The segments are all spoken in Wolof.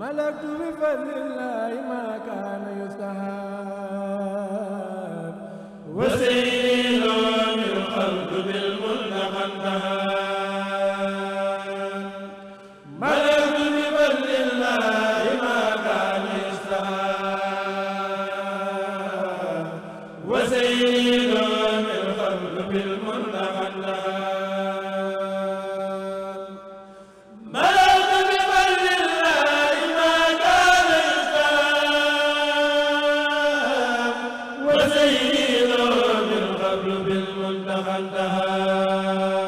ملكت بفضل الله ما كان يستهاب وسيدي أنتهى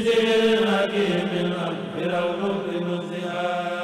بسر الحكيم الأكبر ونور نزهان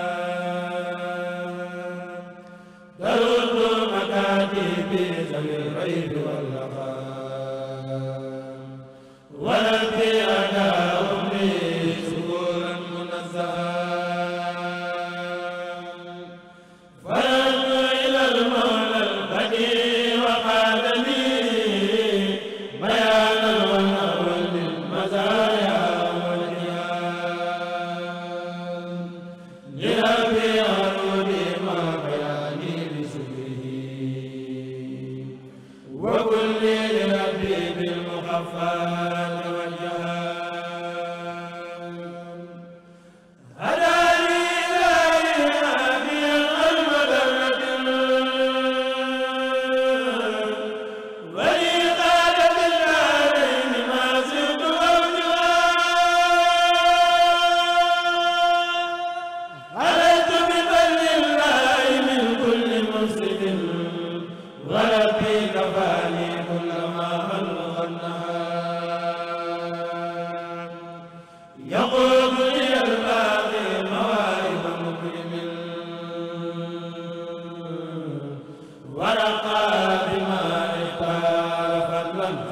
صفا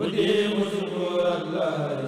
وديم شكور الله